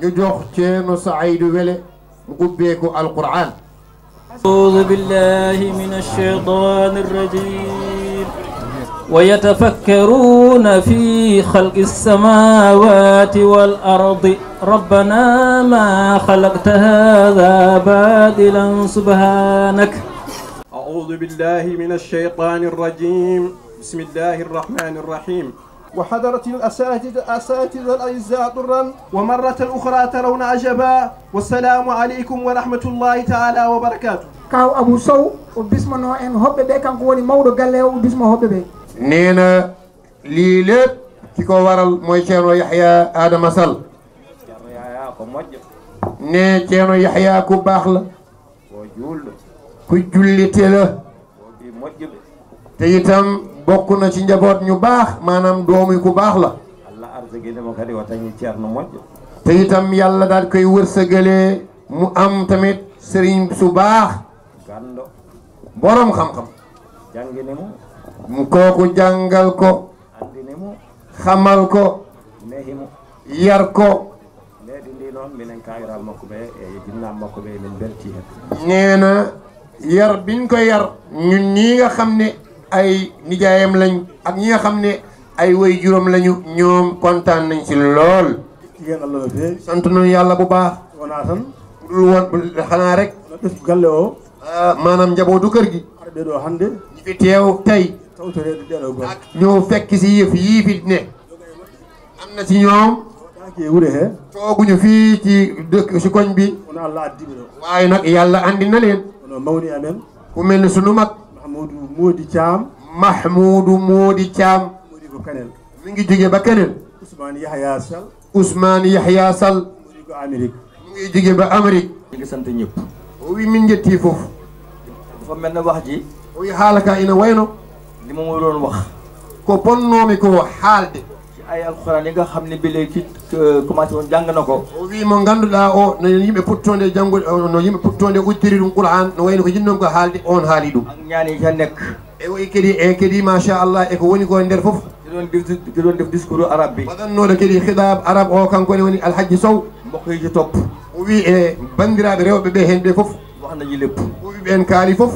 ñu jox Ceerno Saydu Wele mu ubbeeku Alquraan. أعوذ بالله من الشيطان الرجيم ويتفكرون في خلق السماوات والأرض ربنا ما خلقت هذا بادلا سبحانك أعوذ بالله من الشيطان الرجيم بسم الله الرحمن الرحيم وحضرت الأساتذة أساتذة الأعزاء طرا ومرة أخرى ترون عجبا والسلام عليكم ورحمة الله تعالى وبركاته كاو أبو سو وبسم نوعين هبه بي كان قولي مورو قال له وبسم هبه بي nee lii lépp ki ko waral mooy Ceerno Yaxya Adama sal nee Ceerno Yaxya ku baax la ku jullite la te itam bokk na ci njaboot ñu baax maanaam doomi ku baax la te itam yàlla daal koy wër wërsëgalee mu am tamit sëriñ su baax borom xam-xam kooku jàngal ko xamal ko yar ko e nee na yar ñu ko yar ñun ñii nga xam ne ay nijaayam lañ ak ñi nga xam ne ay way juróom lañu ñoom kontaan nañ ci lool sant nañu yàlla bu baax lu woon xanaa rek ah, maanaam njabootu kër gi teew tey ñoo fekk si yëf yii ne am na si ñoom tooguñu fii ci dëkk koñ bi waaye nag yàlla andi na leen ku mel ni sunu mag Mahmoudou Moodi Thiam Mahmoudou Moodi Thiam mi ngi jóge ba keneen Ousmane Yahya Sall Ousmane Yahya ngi jóge ba Amérique ñu ngi min njettii foofu dafa mel ne ina wayno li ma doon wax ko bonnoomi ko haalde ci ne bile ki euh, commencé on jàng na ko o wi mo ngannduɗaa o no yimɓe puttode janngude no yimɓe puttode uddiri ɗum qouran no wayno ko jinnoon ko haalde on haali ɗum ak ñaani tan nekk e woy kadi e kadi e woni ko e fof ki def discours arabe bi waɗannooɗo kadi hidab o woni alhaji sow o wi e banndiraaɓe rewɓe ɓe heen ɓe fof waxnaji lepp o wi kaali fof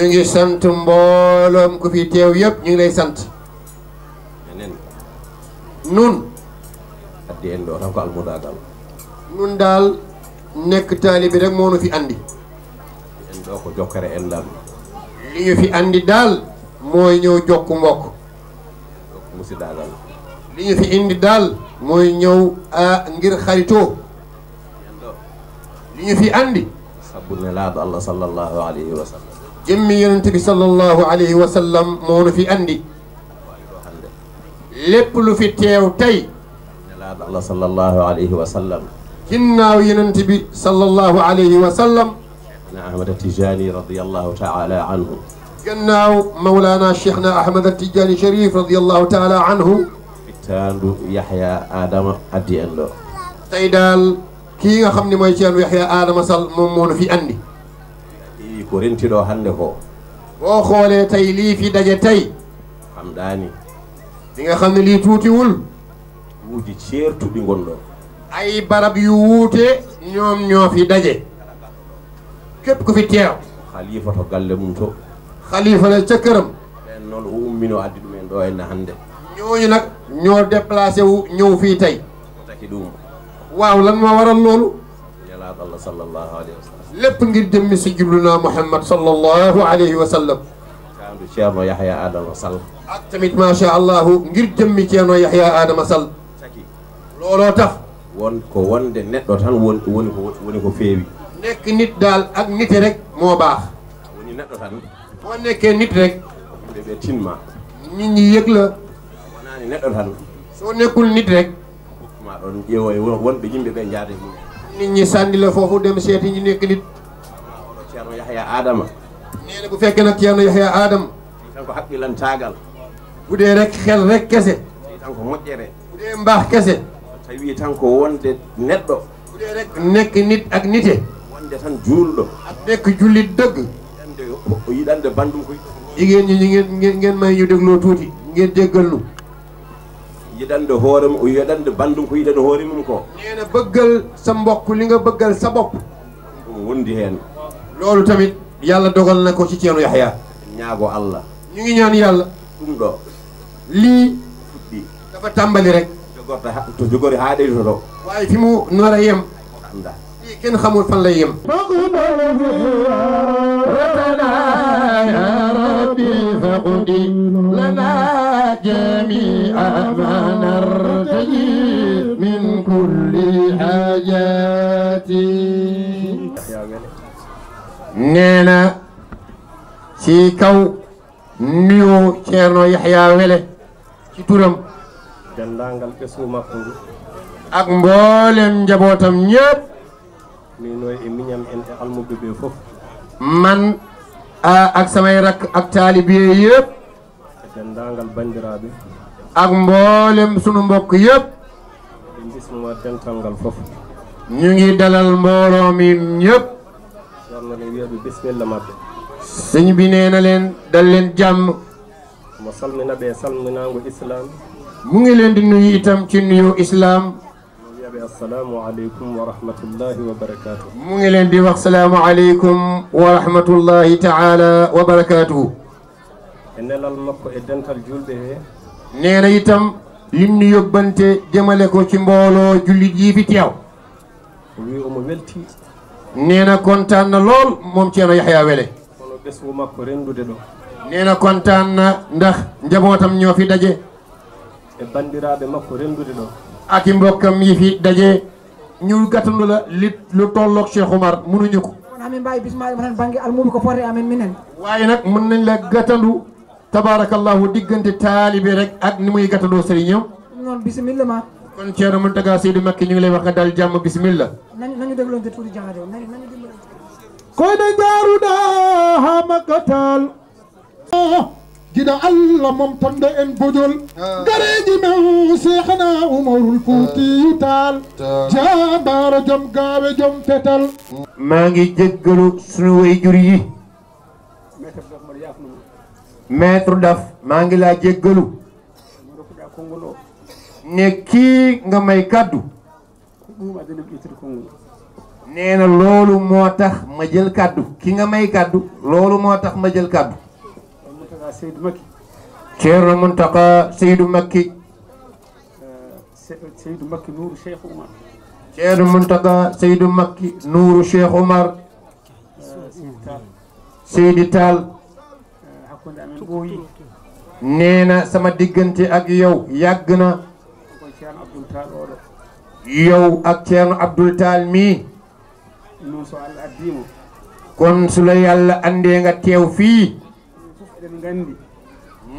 ñu ngi sant mbooloom ku fi teew yëpp ñu ngi lay sant nun nun daal nekk taalibi rek moo nu fi andi en ɗo ko li ñu fi andi daal mooy ñëw jokku mbokk musiddagal li ñu fi indi daal mooy ñëw ngir xaritoo li ñu fi andi sabu jëmmi yonent bi sallallahu alayhi wa sallam moo nu fi andi lépp lu fi teew tey la sallallahu alayhi wa sallam ginnaaw yonent bi sallallahu alayhi wa sallam na ahmad tijani radiyallahu taala anhu ginnaaw mawlana cheikhna ahmad tijani sharif radiyallahu taala anhu taandu yaxya adama addi en ɗo tey daal kii nga xam ne mooy ceenu yaxya adama sall moom moo nu fi andi ko rentiɗo hannde ko boo xoolee tey lii fi daje tey xam daani di nga xam ne lii tuutiwul wuuji ceertuɗi gonɗo ay barab yu wuute ñoom ñoo fi daje képp ku fi teew xalifa to galle mum to xalifa na ca këram ɓen noon o ummino addi ɗumen ɗo henna hannde ñooñu nag ñoo déplacé wu ñëw fii tey ko taki ɗum waaw lan moo waral loolu ñalaaɗo allah sallallahu alayhi wa sallam lépp ngir jëmmi si jublunaa Muhammad sallallahu alayhi wa sallam du Ceerno Adama Sall ak tamit macha ngir jëmmi Ceerno Yaxya Adama Sall looloo won ko wonde neɗɗo tan woni ko feewi nekk nit daal ak nite rek moo baax woni neɗɗo tan boo nekkee nit rek yimɓe soo nekkul nit rek ma nit sànni la foofu dem seeti ñu nekk nit. Ceerno Yaxya Adama. bu fekkee nag Ceerno Yaxya Adama. tan ko haqqilan taagal. bu dee rek xel rek kese. tan ko mbaax kese. so tawi tan ko wonde neɗɗo. bu nekk nit ak nite. wonde tan ak nekk jullit dëgg. yiɗande o yiɗande bandum ko. jigéen ñi ñu ngeen may ñu dégloo tuuti ngeen jéggal nu. yiɗande hoore mum yiɗande bandum ko yiɗande hoore mum ko nee na bëggal sa mbokk li nga bëggal sa bopp u wondi heen loolu tamit yàlla dogal na ko ci ceenu Yaxya ñaago Allah ñu ngi ñaan yàlla ɗum ɗo lii dafa tàmbali rek jogorta to jogori haa ɗeyto to waaye fi mu nar yem lii kenn xamul fan lay yem فاقضي لنا جميع ما نرتجي من كل حاجات نينا ci kaw nuyoo Ceerno Yaxya Wele ci turam dendaangal ɓesgu makko ngu ak mboolem njabootam ñépp minoy e man ak samay rakk ak taalibe yépp denndaangal banndiraaɓe ak mboolem sunu mbokk yépp e mbisnuma ñu ngi dalal mbooloo mi ñépp ceerno ne wiyaɓe bi nee na leen dal leen jàmm mo salmina ɓe mu ngi leen di nuyu itam ci nuyu islam assalaamu aleykum wa rahmatullahi wa barakaatu mu ngi leen di wax salaamu aleykum wa rahmatullahi taala e nelal makko e dental julɓe he nee na itam lim nu yóbbante jëmale ko ci mbooloo jullit yi fi teew o wi omo welti nee na kontaan na lool moom Ceerno Yaxya Wele kono ɓesgu makko renndude ɗo nee na kontaan na ndax njabootam ñoo fi daje e banndiraaɓe makko renndude ɗo ak i mbokkam yi fi daje ñu gàttandu la li lu tolloog Cheikh Oumar mënuñu ko waaye nag mën nañ la gàttandu tabarakallahu diggante taalibi rek ak ni muy gàttaloo sëriñam noonu bisimilla ma kon Thierno Mountaga Seydou Mbacké ñu lay wax nga dal jàmm bisimilla nañu dégloonte tuuti jaxade nañu dégloonte koy da jaaru daa makatal gida allah moom tamde en bojol ah. gareji mew seexna umarul fuutiyu ah. taal jaabaara jom gaawe jom fetal mm. maa ngi jéggalu sunu wayjur yi maître daf maa ngi laa jéggalu ne kii nga may kaddu nee na loolu moo tax ma jël kaddu ki nga may kaddu loolu moo tax ma jël kaddu Ceerno Muntaka Seydou Makki Seydou Makki Nuuru Cheikh Oumar Ceerno Muntaka Seydou Makki Nuuru Cheikh Oumar Seydi Tall nee na sama diggante ak yow yàgg na yow ak Ceerno Abdul Taal mii kon su la yàlla andee nga teew fii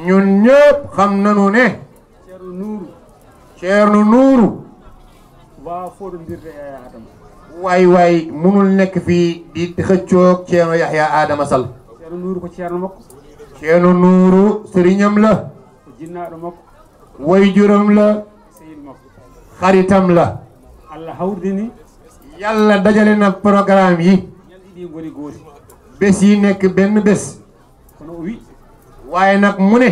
ñun ñëpp xam nanu ne Ceerno Nuuru waay waay munul nekk fii di xëccoog Ceerno Yaxya Adama Sall ceerno nuuru sëriñam la jinnaaɗo makko la xaritam la allah dajale na programme yi bés yi nekk benn bés waaye nag mu ne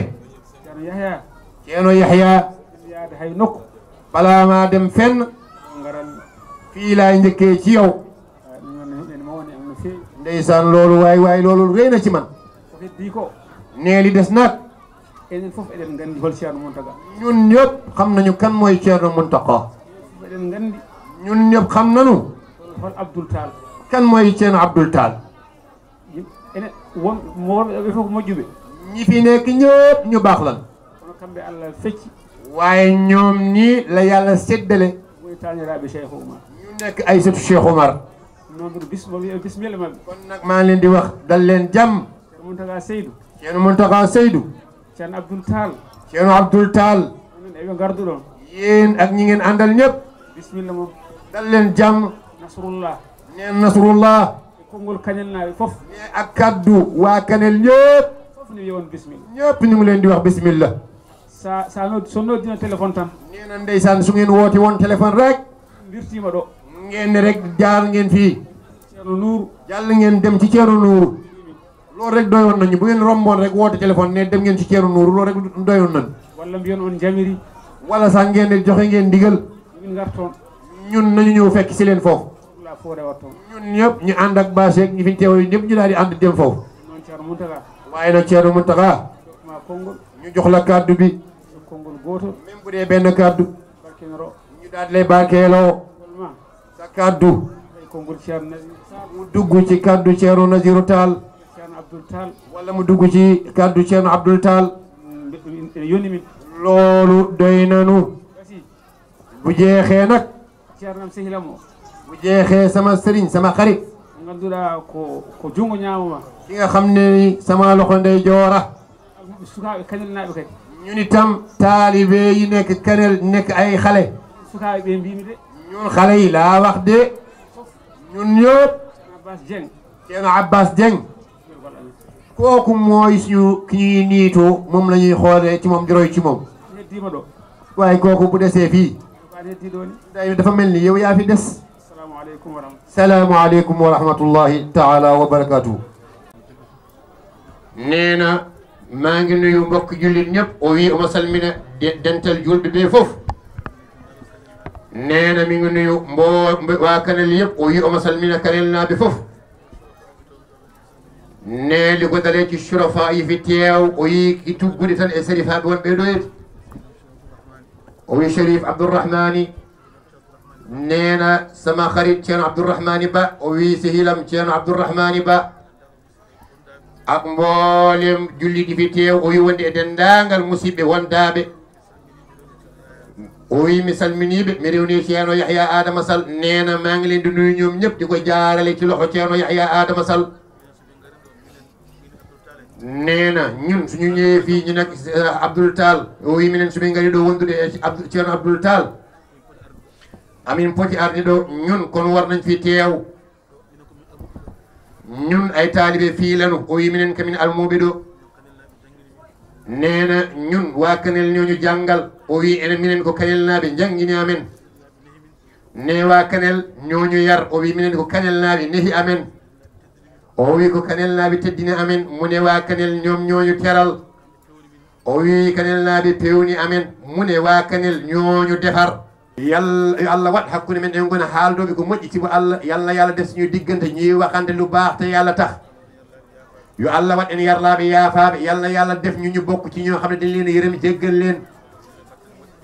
ceerno yahya balaa maa dem fenn fii laa njëkkee ci yow ah, ndeysaan loolu waay waay loolu rëy na ci man nee des nag enen fof eɗen nganndi hol ceerno ñun ñëpp xam nañu kan mooy ceerno montaga eɗen nganndi ñun ñëpp xam nañu hol abdoul kan mooy ceerno abdoul tall ene ñi fi nekk ñëpp ñu baax lan kono kamɓe allah fecci waaye ñoom nii la yàlla séddale woni tañiraaɓe cheikh oumar ñu nekk ay sëtu cheikh oumar noon bis bismilla maɓɓe maa leen di wax dal leen jàmm ceerno montaga ceerno mountaha seydou ceerno abdoul tall ceerno abdoul tall min ak ñi ngeen àndal ñëpp bisimilla moom dal leen jàmm nasrullah neen nasrullah konngol kañel naaɓe fof ne ak kaddu waa kanel ñëpp fof ñu yewoon bisimilla ñu ngi leen di wax bisimilla sa sa no so noddino téléphone tan nee na ndeysaan su ngeen wooti woon téléphone rek mbirtima ɗo ngeen rek jaar ngeen fii ceerno nuuru jàll ngeen dem ci ceerno nuuru loolu rek doyoon nañu bu ngeen romboon rek woote téléphone ne dem ngeen ci Thierno Nourou loolu rek doyoon nañu. wala mbiyoon on jamiri wala sax ngeen di joxe ngeen ndigal. ñun nañu ñëw fekk si leen foofu. ñun ñëpp ñu ànd ak bâche yeeg ñi fi ñu teewoo ñëpp ñu daal di ànd dem foofu. waaye nag Thierno Mountakha. ñu jox la kàddu bi. même bu dee benn kaddu ñu daal di lay sa kàddu. mu dugg ci kàddu Thierno Nazirou Tall. Abdoul wala mu dugg ci kàddu Ceerno Abdoul Tall yónni mi loolu doy nanu bu jeexee nag bu jeexee sama sëriñ sama xarit ganduɗa ko ñaamoma ki nga xam ne sama loxo ndey joora sukaaɓe kanel yi nekk kanel nekk ay xale ñun xale yi laa wax de ñun ñëpp kooku mooy ki ñuy niitoo moom la ñuy xoolee ci moom di ci moom waaye kooku bu desee fii dafa mel ni yow yaa des salaamaaleykum wa rahmatullahi taala wa barakaatu nee maa ngi nuyu mbokk jullit ñëpp o wi omo salmina dental julɓe ɓe fof nee mi ngi nuyu mboo waa kanel yëpp o wi omo salmina kanel naaɓe fof ne li dalee ci surafa yi fi teew o yi ki tuggude tan e sarifaɓe wonɓe ɗoyde o wi sharif abdourahmani nena sama harit ceerno abdourahmani ba o wi sehilam ceerno abdourahmani ba ak mboolem julliɗi fi teew o wi wonde e denndaangal musidɓe wondaaɓe o wi mi salminiiɓe mi rewni ceerno yahya adama sall nena maa ngi leen di ñëpp di ko jaarale ci loxo ceerno yahya adama sall nee na ñun suñu ñëwee fii ñu nekk euh, Abdoul Tall o yiminen somin ngari ɗo wondude e eh, ceerno Abdoul Tall amin poti arde ɗo ñun kono warnañ fi teew ñun ay taalibe fiilanu o yiminen kamin almuɓe ɗo nee na ñun waa kanel ñooñu jàngal o wi ko kanel naaɓe jangini amen ne waa kanel ñooñu yar o wi minen ko kanel naaɓe nehi amen o wi ko kanel naaɓe teddini amen mune wa kanel ñoom ñooñu teral o wi kanel naaɓe pewni amen mune wa kanel ñooñu defar yal allah waɗ hakkunde men en gona haaldoɓe ko moƴƴitimo allah yallah yo allah desiñu diggante ñiwa hande lu baax te yo allah tah yo allah waɗ en yarlaɓe yaafaɓe def ñu ñu bokk ci ñoo xam ne dañ leen yëremi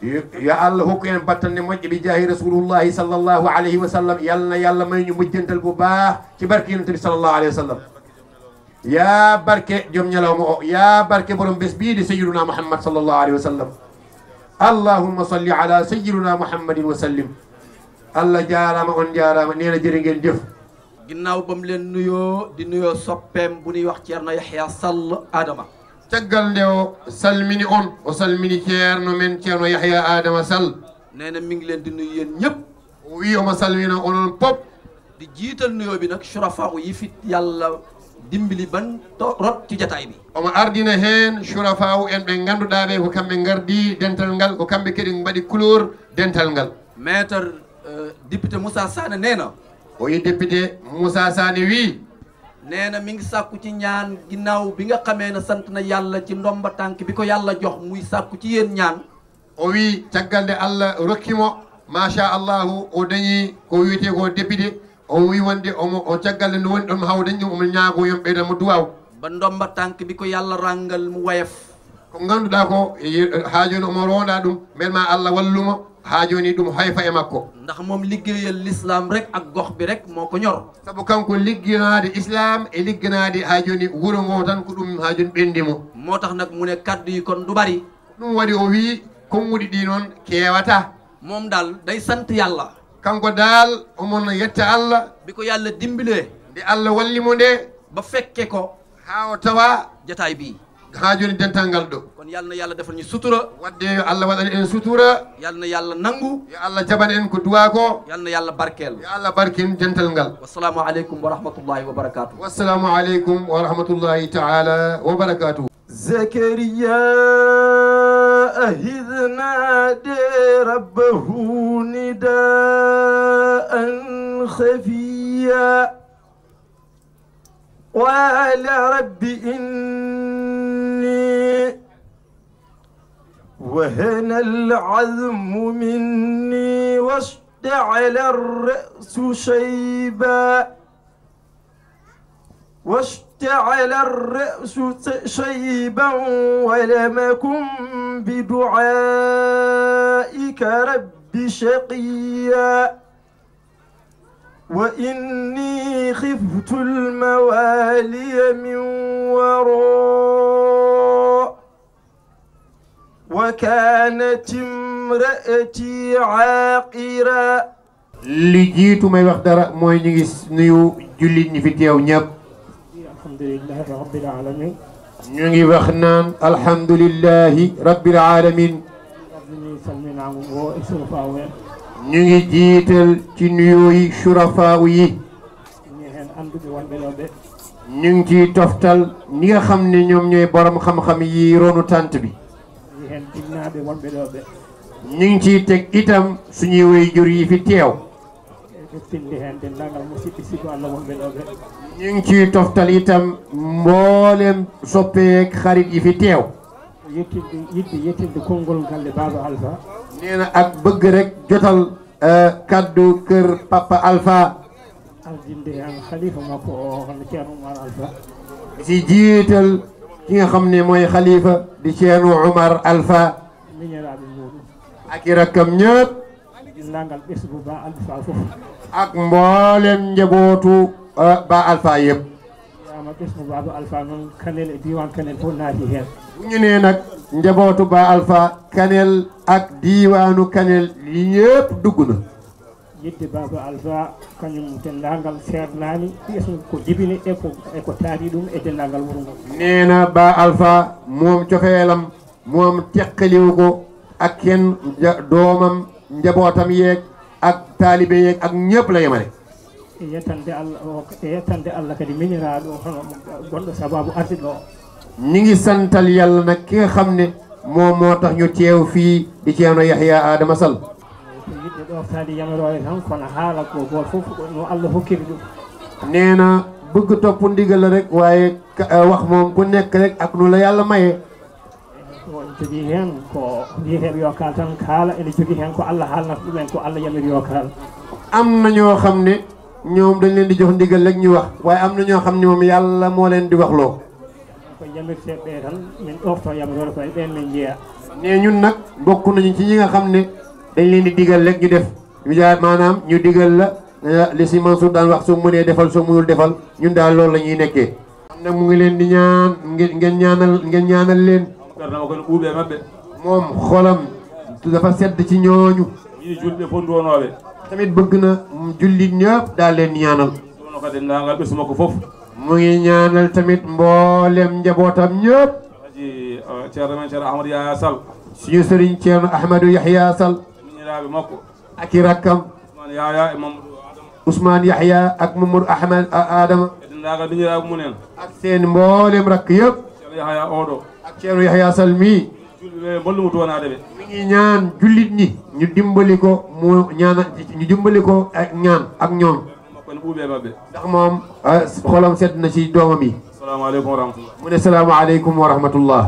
yo allah hokku en battanɗe moƴƴe ɓe jaahi rasulullahi sallllahu alayhi wa sallam yalna yallah may ñu mujjantal bu baax ci barke yonente bi sallllahu alayhi wa sallam ya barke joom ñalawma o ya barke borom bés bii de sayiduna mouhammad sallllahu alayhi wa sallam allahumma salli ala sayiduna mouhammadin wa sallim allah jaarama on jaarama nee na jërë ngeen jëf ginnaaw bam leen nuyoo di nuyoo soppeem bu ñuy wax Ceerno Yaxya Sall Adama caggal nde o salmini on o salmini ceerno men ceerno yahya adama sall nee na mi ngi leen di nuyu yéen o wi omo salmina onon pop di jiital nuyoo bi nag surafa u yi fit yàlla dimbali ban to rot ci jataay omo ardina heen surafa u en ɓe ngannduɗaa ɓe ko kamɓe ngardi dental ngal ko kamɓe kadi mbaɗi couleur dental ngal maître euh, député moussa sane na o yi député moussa sane nee na mi ngi sàkku ci ñaan ginnaaw bi nga xamee ne sant na yàlla ci ndomba tànk bi ko yàlla jox muy sàkku ci yéen ñaan o wii caggal nde allah rokkimo macha allahu o dañi ko wiyete ko député o wi wonde omo o caggal nde no woni omo ñaago yom ɓeydan mo duwaw ba ndomba tànk bi ko yàlla ràngal mu wayaf ko ngannduɗaa ko e haajoni omo ronda ɗum mbel ma allah wallumo haajoni ɗum hayfa e makko ndax moom liggéeyal l'islam rek ak gox bi rek moo ko ñor sabu kanko ligginaade islam e ligginaade haa joni wuro ngo tan ko ɗum haa joni ɓenndi mo moo tax nag mu ne kaddu yi kon du bari ɗum waɗi o wii konngudi ɗi noon keewata moom daal day sant yàlla kanko daal omon yetta allah bi ko yàlla dimbilee nde allah walli mo nde ba fekke ko haa o tawa jataay bii ha joni dentalngal ɗo kono yalna yallah defan ñu sutura wadde yo allah waɗan en sutura yalna yallah nanngu yo allah jaɓan en ko duwa ko yalna yallah barkel yo allah barkin dental ngal wassalamu aleykum wa rahmatullahi wa barakatuh wassalamu aleykum wa rahmatullahi taala wa barakatuh زكريا إذ نادى ربه نداء خفيا قال رب إن وهن العذم مني واشتعل الرأس شيبا واشتعل الرأس شيبا ولم أكن بدعائك رب شقيا وإني خفت الموالي من ورائي وكانت امرأتي عاقرا li jiitu may wax dara mooy ñu ngi nuyu jullit ñi fi teew ñëpp. alhamdulilah rabbil alamin. ñu ngi wax naan alhamdulilahi rabbil alamin. ñu ngi jiital ci nuyoo yi surafaaw yi. ñu ngi ciy toftal ñi nga xam ne ñoom ñooy borom xam-xam yi ronu tànt bi. ñu ngi ciy teg itam suñuy waajur yi fi teew ñu ngi ciy toftal itam mboolem soppeek xarit yi fi teew nee na ak bëgg rek jotal euh, kàddu kër Papa Alpha ardinde an jiital ki nga xam ne mooy xalifa di Ceerno Oumar Alpha miñiraaɓe muɗum aki rakkam ñëpp dillangal ɓesgu ba alfa fof ak mboolem njabootu euh, ba alfa yëpp wiyama ɓesgu baba alfa noon kanel e diwan kanel fof naati heen ñu ne nag ba alfa kanel ak diiwaanu kanel yëpp dugg na yidde baba alfa kañum denndaangal seernaani pies ko jibini eko eko taari ɗum e neena ba alfa moom coxeelam moom teqaliwu ko ak kenn doomam njabootam yeeg ak taalibe yeeg ak ñëpp la yemale e, e ngi santal yàlla nag ki nga xam ne moom moo tax ñu teew fii di ceerno Yahya Adama Sall e ko yidɓe ɗo taade yamirore la rek waaye wax moom ku nekk rek ak nu la yàlla maye jogui hen ko wiyeteɓe yo kal tan kaala ene jogui hen ko allah haalnata ɗumen ko allah yamiri yo kaal am na ñoo xam ne ñoom dañ leen di jox ndigal rek ñu wax waaye am na ñoo xam ne moom yàlla moo leen di wax loo koye yamirteɓe tan min ɗofto yamirode koye ne ñun nag bokk nañu ci ñi nga xam ne dañ leen di diggal rek ñu def wijaay maanaam ñu digal la li si Mansour daan wax soo mënee defal soo mënul defal ñun daal loolu la ñuy nekkee am nag mu ngi leen di ñaan ngeen ñaanal ngeen ñaanal leen ceerno kono ɓuuɓe maɓɓe moom xolam dafa sedd ci ñooñu tamit bëgg na jullit ñëpp daal leen ñaanal ɗono kadi mu ngi ñaanal tamit mboolem njabootam ñëpp haji ceerno euh, men ceerno yahya sall suñu sëriñ ceerno yahya sall miñiraaɓe rakkam ousmane yahya e mamadou ousmane yahya adama ak seen mboolem rakk yëpp ak Ceerno Yahya Sall mi ñaan jullit ñi ñu dimbali ko mu ñaana ñu dimbali ko ak ñaan ak ñoom ah, xolam sedd na ci doomam yi mu ne salaamaaleykum wa rahmatullah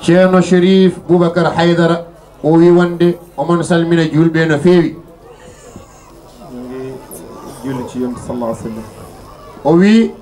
ceerno Chérif Boubacar Haydara o wi wonde omon salmina julɓe no feewi o wi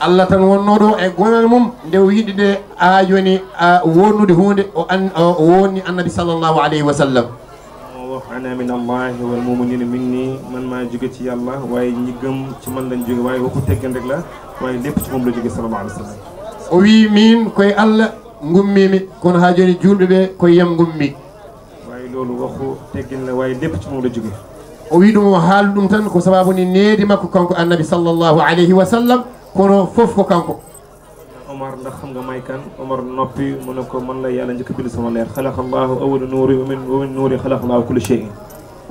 allah tan wonno e gonal mum nde o yiɗi nde ha joni wonnude hunde o an o wonni annabi sallllahu aleyhi wa sallam waaye ci man lañ jogue waaye wokku lépp ci moom la sallallahu alih w o wi min koye allah gummimi kono ha joni julɓe ɓe koye yam gummi waaye loolu waxu teggin la waaye lépp ci moom la jogue o wi ɗum o haali ɗum tan ko sababu ni needi makko kanko annabi sallllahu aleyhi wa kono fof ko kanko omar ndax xam nga may kan omar noppi mu ne ko man la yàlla njëkk bind sama leer xalaqa allahu awwala nuuri wa min nuuri xalaqa allahu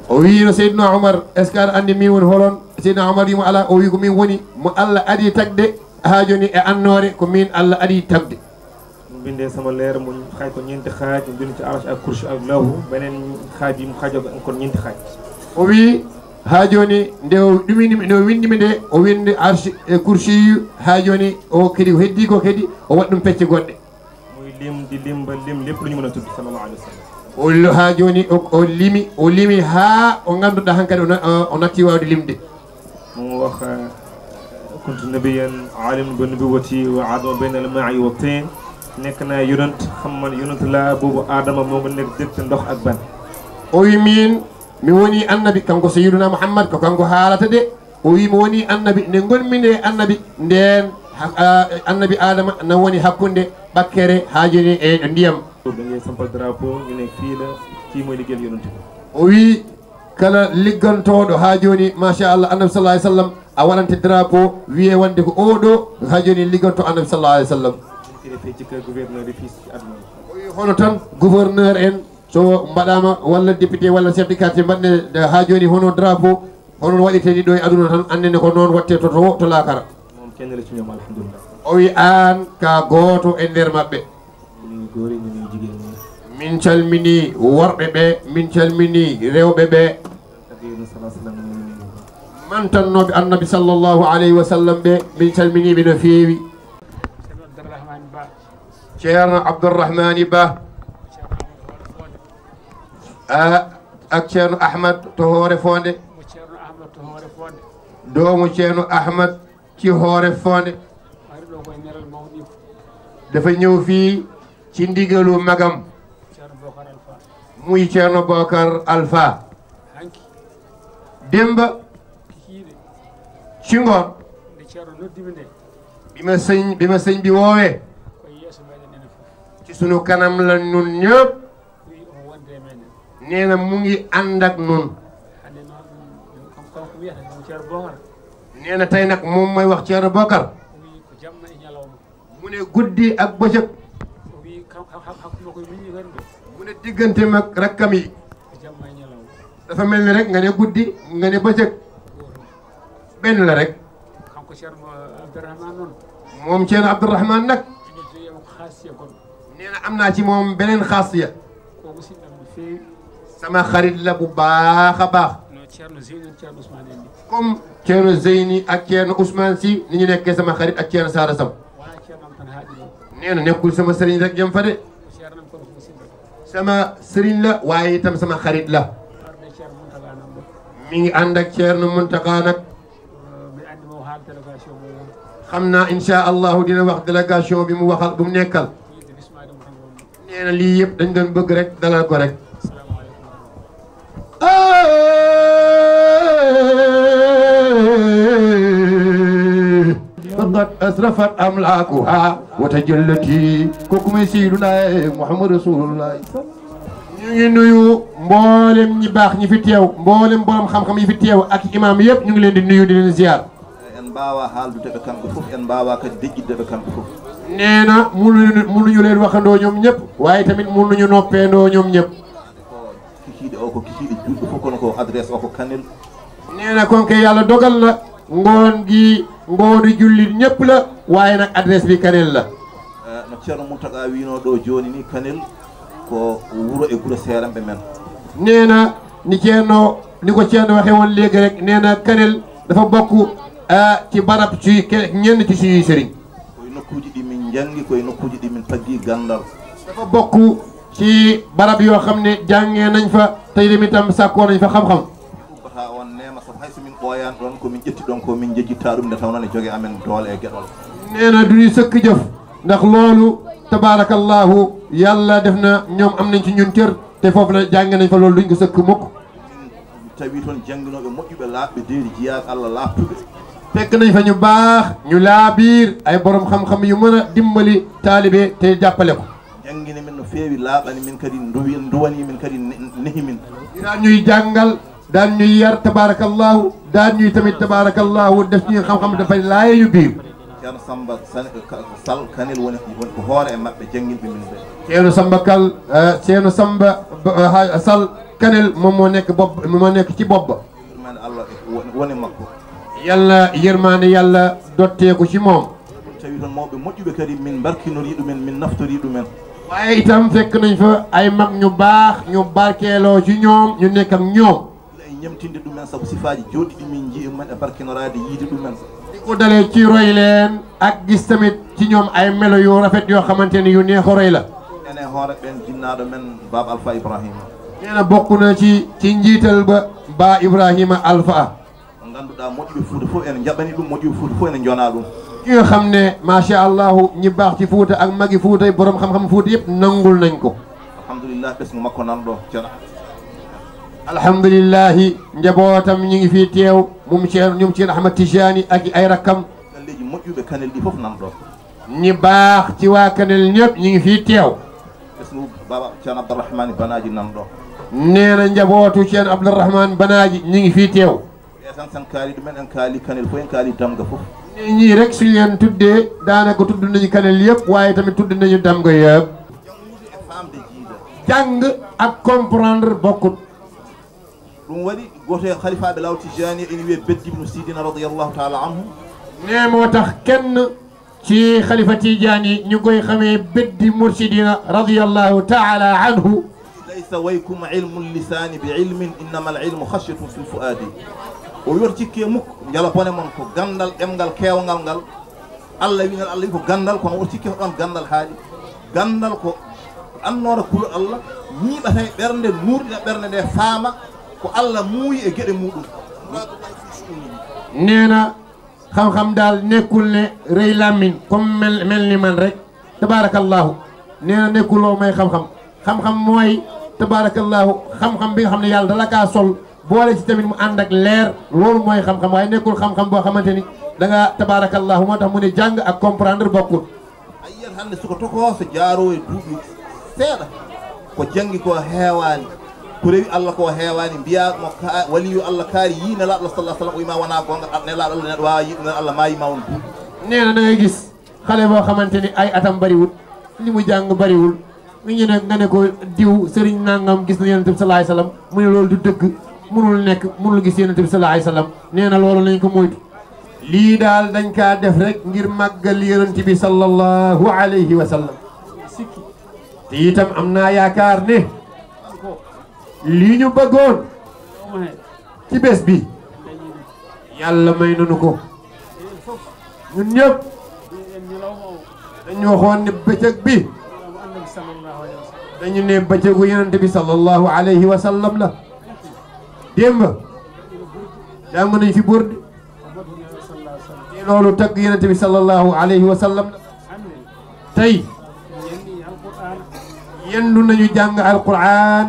o wiino seydina omar est ce que aɗa anndi min woni holon seydina omar yimo ala o wi ko min woni e annoore ko min allah adi tagde binde sama leer mo xaaj ko ñeenti xaaj bindi ci arach a courche ak lawhu beneen xaaj yi mu xaajoo kon ñeenti xaaj o wi ha joni nde ɗuminimi no windimi nde o windi arsi e coursiyu ha joni o kadi heddi ko kadi o waɗi pecce goɗɗe oy limdi limba lim lépp lu ñu mën a tudd sallallahu wa sallam o ha joni o limi o limi ha o ganduɗa hankkadi o natti wawde limde mo wax eh, kuntu nabiyan alimu bi nubuwati wa adama bayna almaai wa nekk naa yonent xam man yonent laa boobu adama moo ngi nekk diggante ndox ak ban o wimin mi woni annabi kanko seyiduna mouhammad ko kanko haalata de o wi mi woni annabi nde gonmi nde annabi nden annabi adama na woni hakkunde ɓakkere haajini e ndiyam ɓe sampal drapeau minen fiila kiimo liggel yononti o wi kala liggantoɗo ha joni machallah annabi sallah alih a waɗante drapeau wiye wonde ko oɗo ha joni ligganto annabi sallah alih sallam hono tan gouverneur en so mbaɗama walla député walla chef de quartier mbaɗne ha joni hono drapeau honon ɗo e aduna tan annene ko noon watte toto to laakara o wi ka goto e nder mabɓe min calmini worɓe ɓe min calmini rewɓe ɓe mantannoɓe annabi sallllahu alayhi wa sallam ɓe min calminiɓe no feewi ceerno abdourahmani ba a ak ceerno ahmad to hoore fonde doomu ceerno ahmad ci hoore fonde dafa ñëw fii ci ndigalu magam muy ceerno bokar alpha démba ci ngoon bi ma sëñ bi ma ci sunu kanam la nun ñëpp nee na mu ngi ànd ak noonu. nee na tey nag moom mooy wax cere Bokar. mu ne guddi ak bëccëg. mu ne diggante mag rakkam yi. dafa mel ni rek nga ne guddi nga ne bëccëg. benn la rek. moom Ceerno Abdourahmane nag. nee am naa ci moom beneen xaas sama xarit la bu baax a baax. comme Thierno Zeyni ak Thierno Ousmane si ni ñu nekkee sama xarit ak Thierno Saara Sam. nee na nekkul sama sëriñ rek jëm fa de. sama sëriñ la waaye tam sama xarit la. mi ngi ànd ak Thierno Mountakha nag. Euh, xam naa incha allahu dina wax délégation bi mu waxal bu mu nekkal. nee na lii yëpp dañ doon bëgg rek dalal ko rek. فقد أسرفت أملاكها وتجلتي كوكم سيدنا محمد رسول الله ñu ngi nuyu mboolem ñi baax ñi fi teew mboolem borom xam-xam yi fi teew ak imaam yëpp ñu ngi leen di nuyu di leen ziar. en mbawa haaldude ɓe kamɓe fof en mbawa kadi dejjidde ɓe kamɓe fof nee na munuñu munuñu leen ñoom ñëpp waaye tamit munuñu noppeendoo ñoom ñëpp o ko kikiiɗe juɗɗo fof kono ko adresse o ko kanel nee na konke yàlla dogal la ngoon gi ngoonu jullit ñëpp la waaye nag adresse bi kanel la eh, no ceerno moutaga wino ɗo jooni ni kanel ko wuro e guro seeranɓe men nee na ni ceerno ni ko ceerno waxe woon léegi rek nee na kanel dafa bokk eh, ci barab ci ñenn ci suñuy sëriñ koye nokkuuji ɗi min janngi koye nokkuuji ɗi min taggii ganndal dafa bokk ci barab yoo xam ne jàngee nañ fa tey dem itam sàkkoo nañ fa xam-xam baha on nema sabu hay somin ɓooyan ɗon komin ƴetti ɗon ko min jejjitta ɗum nde tawno ne jogee amen doole e geɗol nee na duñu sëkk jëf ndax loolu tabarakallahu yàlla def na ñoom am nañ ci ñun cër te foofu na jàngee nañ fa loolu duñ ko sëkk mukk tawi toon janginoɓe moƴƴuɓe laaɓɓe deedi nañ fa ñu baax ñu laabiir ay borom xam-xam yu mën a dimbali taalibe te jàppale ko jangguini min no feewi laaɓani min kadi duwani min kadi nehi min ɗiɗan ñuy janggal daan ñuy yar tabarakallahu daan ñuy tamit tabarakallahu def ñuy xam-xam dafa laayeyu biir ceerno samba sal kanel woni woni ko hoore e samba kal eh, ceerno samba eh, sall kanel moom moo nekk bopp moo nekk ci bopp ba yirmande allah e woni makko yalla yirmande yalla dotteeko ci moom tawi toon mawɓe moƴƴuɓe kadi min waaye itam fekk nañ fa ay mag ñu baax ñu barkeeloo yu ñoom ñu nekk ak ñoom ñamtinde ɗumen saabu sifaji joɗiɗi min jii men e barkinorade yiide ɗumen ɗi ko dale ci roy leen ak gis tamit ci ñoom ay melo yu rafet yoo xamante ni yu neex roy la ene hoore ɓen jinnaɗo men baba alpha ibrahima nee na bokk na ci ci njiital ba ba ibrahima alpha ganduɗa moƴƴuɓe fuuta fof ene jaɓani ɗum moƴƴuɓe fuuta fof ene ki xam ne macha allah ñi baax ci Fuuta ak magi Fuuta borom xam-xam Fuuta yëpp nangul nañ ko. alhamdulilah bés nga makko nan do cena alhamdulilahi njabootam ñu ngi fii teew mum ceen ñum ceen Ahmad Tijani ak ay rakkam galleji moƴƴuɓe kanel ɗi fof nan ɗo ñi baax ci waa kanel ñëpp ñu ngi fii teew ɓesnu baba ceen Abdourahmane Banaji nan ɗo nee na njabootu ceen Abdourahmane Banaji ñu ngi fii teew ɓe tan tan kaali ɗumen en kaali kanel fof en kaali damga ñii rek suñ leen tuddee yëpp waaye tamit tudd nañu dam nga yëpp jàng ak comprendre bokkut ɗum waɗi goto e halifaɓe law tijani ene moo tax kenn ci xalifa tijaani ñu koy xamee beddi mursidina radiallahu taala anhu laysa waykum ilmu lisani bi ilmin innama al ilmu xashyatun fi l fuadi o wertikke mukko jala bone mon ko gandal ɗemgal kewgal ngal allah winal allah wi ko gandal kono woto cikke ko ɗon gandal haaɗi gandal ko annoɗo kulo allah ñiiɓata e ɓernde nurɗina ɓernde nde faama ko allah muuyi e geɗe muɗum neena xam-xam daal nekkul ne rëy làmmiñ comme mel mel ni man rek tabaarakallaahu nee na nekkuloo may xam-xam xam-xam mooy tabaarakallaahu xam-xam bi nga xam ne sol boole ci tamit mu ànd ak leer loolu mooy xam-xam waaye nekkul xam-xam boo xamante ni da nga tabaarakallahu moo tax mu ne jàng ak comprendre bokkul ayiyat hannde soko tokoo so jaaroo e duuɓi seeɗa ko janngi ko heewaani ko rewi allah ko heewaani mbiya mo waliyu allah kaari yii nelaaɗo sallah sallam o wima wonaa goonga nelaaɗo allah neɗɗo waawa yiɗumen allah maayi ma on duuɓi nee na da gis xale boo xamante ni ay atam bariwul li mu jàng bariwul mu ñu ne ko diw sëriñ nangam gis na yonent bi salaay loolu du dëgg mënul nekk mënul gis yonent bi sallallahu alayhi wasallam nee na loolu nañ ko moytu lii daal dañ kaa def rek ngir màggal yonent bi sallallahu alayhi wasallam te itam am naa yaakaar ne lii ñu bëggoon ci bés bi yàlla may nanu ko ñun ñëpp dañu waxoon ne bëccëg bi dañu ne bëccëgu yonent bi sallallahu alayhi wasallam la démb jàng nañ fi burdi te loolu tagg bi sallallahu alayhi wa sallam tey yendu nañu jàng alquran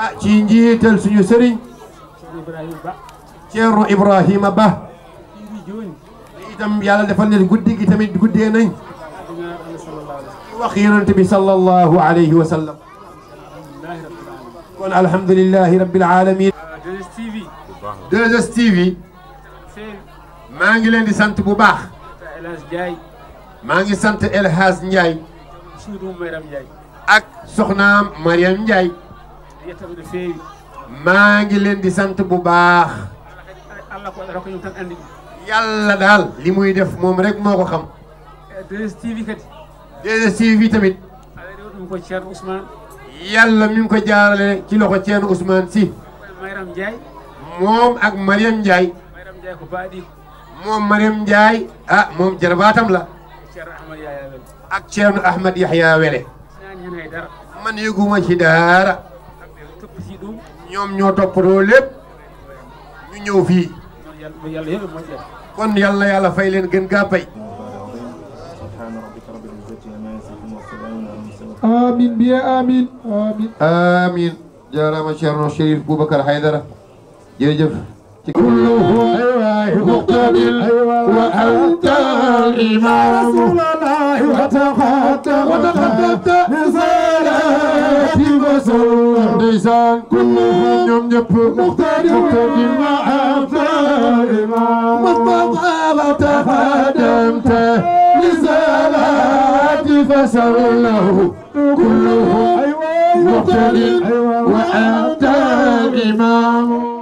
ah ci njiital suñu sëriñ Ceerno Ibrahima Ba itam yàlla defal leen guddi gi tamit guddee nañ wax yonent bi sallallahu alayhi kon alhamdulilahi rabbil ah, maa ngi leen di sant bu baax maa ngi sant El Hadj Ndiaye ak soxnaam Mariam Ndiaye maa ngi leen di sant bu baax yàlla daal li muy def moom rek moo ko xam eh, yàlla mi ngi ko jaarale ci loxo Ceerno Ousmane Sy Mariam Ndiaye moom ak Mariam Ndiaye moom Mariam Ndiaye ah moom jarbaatam la ak Ceerno Ahmad Yahya Wele man yëguma ci daara ñoom ñoo toppatoo lépp ñu ñëw fii kon yàlla yàlla fay leen gën gaa amin biye amin amin amin jaaraama Ceerno Chérif Boubacar Haydara jërëjëf كله أيوه مقتدل وأنت الإمام وتخطى وتخطبت لصلاة مسلم لسان كله يوم يب مقتدل وأنت الإمام مصطفى وتخدمت لصلاة فسر له كله مبتدئ وأنت الإمام